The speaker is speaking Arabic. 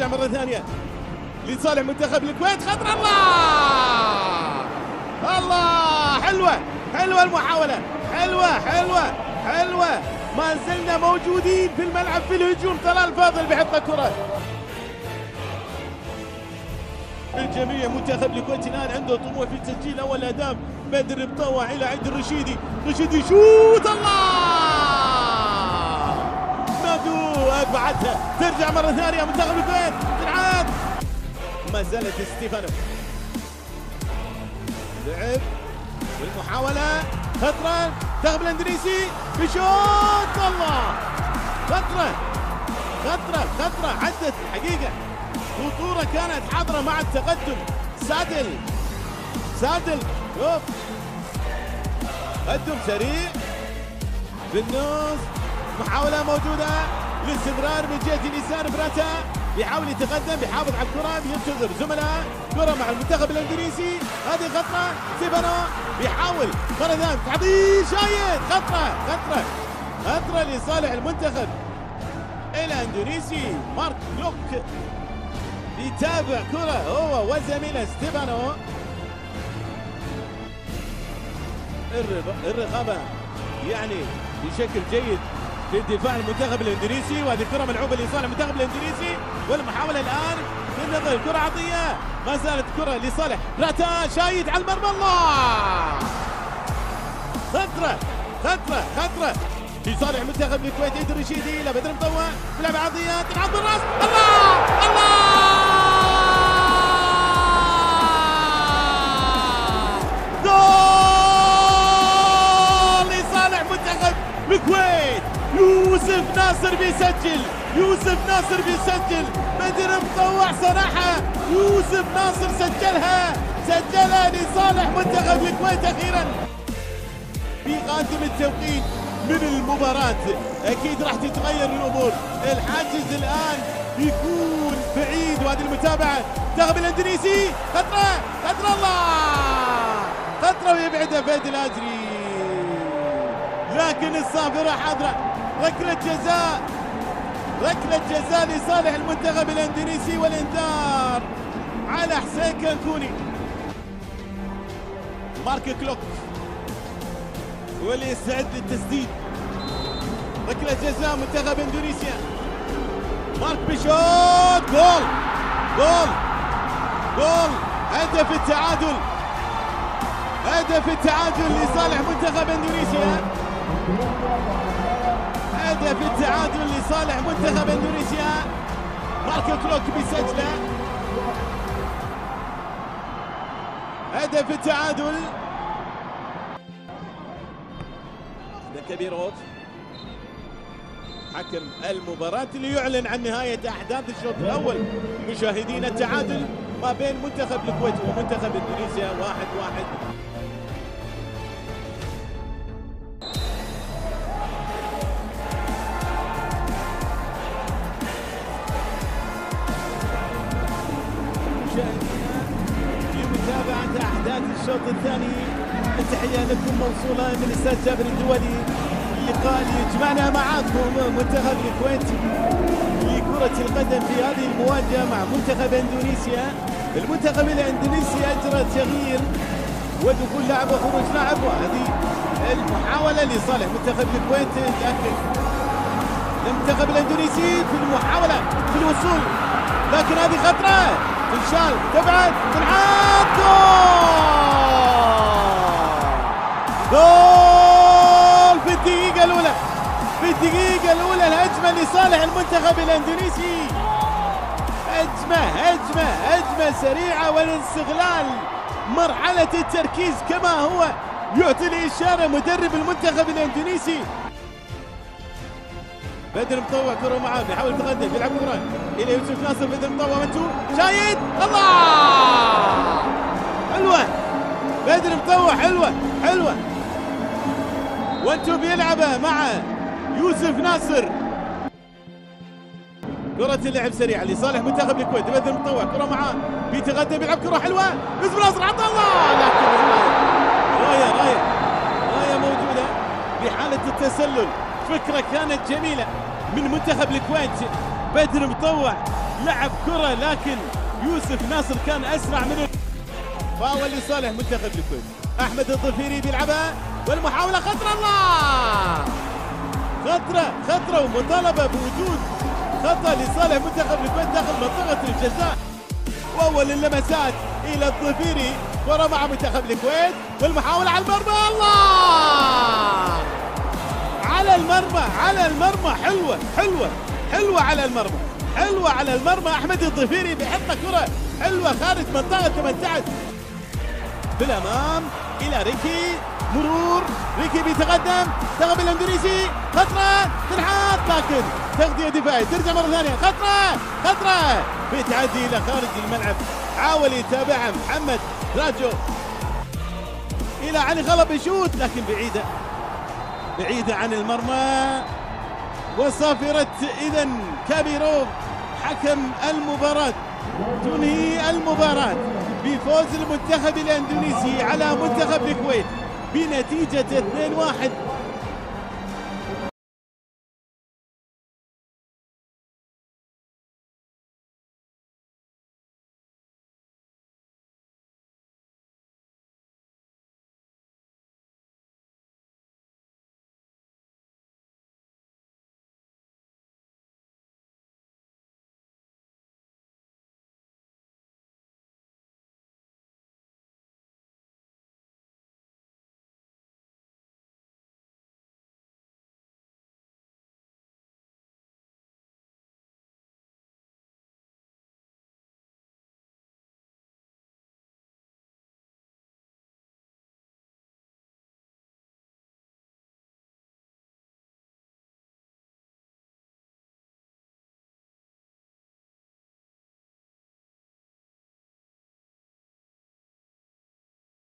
رجع مره ثانيه لصالح منتخب الكويت خطر الله الله حلوه حلوه المحاوله حلوه حلوه حلوه ما زلنا موجودين في الملعب في الهجوم طلال فاضل بيحط كره الجميع منتخب الكويت الان عنده طموح في تسجيل اول اهداف بدر بطوع الى عند الرشيدي رشيدي شوت الله اللاعب بعدها ترجع مرة ثانية منتخب الكويت تلعب ما زالت ستيفانو لعب والمحاولة خطرة منتخب الاندونيسي بشوط الله خطرة خطرة خطرة عدت الحقيقة خطورة كانت حاضرة مع التقدم سادل سادل شوف تقدم سريع بالنص محاولة موجودة للاستمرار من جهة اليسار براتا بيحاول يتقدم بيحافظ على الكرة بينتظر زملاء كرة مع المنتخب الاندونيسي هذه خطرة سيبانا بيحاول مرة ثانية تعطيه شايد خطرة خطرة خطرة لصالح المنتخب الاندونيسي مارك لوك يتابع كرة هو وزميله ستيفانو الرقابة يعني بشكل جيد في دفاع المنتخب الاندونيسي وهذه الكره ملعوبه لصالح المنتخب الاندونيسي والمحاوله الان تنتظر الكره عطيه ما زالت كره لصالح راتا شايد على المرمى الله خطره خطره خطره لصالح منتخب الكويت عيد رشيدي لا بدر مطوع لعب عطيه تنعط بالراس الله الله Go! يوسف ناصر بيسجل يوسف ناصر بيسجل بدر مطوع صنعها يوسف ناصر سجلها سجلها لصالح منتخب الكويت اخيرا في قادم التوقيت من المباراة اكيد راح تتغير الامور الحاجز الان يكون بعيد وهذه المتابعة منتخب الاندونيسي خطرة خطرة الله خطرة ويبعدها فهد الاجري لكن الصافرة حاضرة ركلة جزاء ركلة جزاء لصالح المنتخب الاندونيسي والانذار على حسين كنكوني مارك كلوك واللي يستعد للتسديد ركلة جزاء منتخب اندونيسيا مارك بيشوت جول جول جول هدف التعادل هدف التعادل لصالح منتخب اندونيسيا الهدف التعادل لصالح منتخب اندونيسيا ماركو كلوك بيسجله هدف التعادل كبيروف حكم المباراة ليعلن عن نهاية أحداث الشوط الأول مشاهدين التعادل ما بين منتخب الكويت ومنتخب إندونيسيا واحد واحد الشوط الثاني التحية لكم موصولة من الأستاذ جابر الدولي اللقاء اللي يجمعنا معاكم منتخب الكويت لكرة القدم في هذه المواجهة مع منتخب اندونيسيا المنتخب الاندونيسي أجرى تغيير ودخول لاعب وخروج لاعب وهذه المحاولة لصالح منتخب الكويت تأكد المنتخب الاندونيسي في المحاولة في الوصول لكن هذه خطرة تنشال تبعد تنعاد جول جول في الدقيقة الأولى في الدقيقة الأولى الهجمة لصالح المنتخب الأندونيسي هجمة هجمة هجمة سريعة والاستغلال مرحلة التركيز كما هو يعطي الإشارة مدرب المنتخب الأندونيسي بدر مطوع كره معاه بيحاول يتقدم يلعب كره الى يوسف ناصر بدر مطوع منتو شايد الله حلوه بدر مطوع حلوه حلوه وانتو بيلعبه مع يوسف ناصر كرة اللعب سريعة لصالح منتخب الكويت بدر مطوع كرة معاه بيتغدى بيلعب كرة حلوة يوسف ناصر عطى الله لكن راية راية راية موجودة بحالة التسلل فكرة كانت جميلة من منتخب الكويت بدر مطوع لعب كرة لكن يوسف ناصر كان أسرع منه فاول لصالح منتخب الكويت أحمد الظفيري بيلعبها والمحاولة خطرة الله خطرة خطرة ومطالبة بوجود خطأ لصالح منتخب الكويت داخل منطقة الجزاء وأول اللمسات إلى الظفيري كرة مع منتخب الكويت والمحاولة على المرمى الله على المرمى على المرمى حلوة حلوة حلوة على المرمى حلوة على المرمى أحمد الضفيري بيحط كرة حلوة خارج منطقة 18 بالأمام إلى ريكي مرور ريكي بيتقدم تغب الاندونيسي خطره تنحط لكن تغذيه دفاعيه ترجع مره ثانيه خطره خطره بتعدي الى خارج الملعب حاول يتابعها محمد راجو الى علي غلب يشوت لكن بعيده بعيدة عن المرمى وصافرة إذا كابيروف حكم المباراة تنهي المباراة بفوز المنتخب الأندونيسي على منتخب الكويت بنتيجة 2-1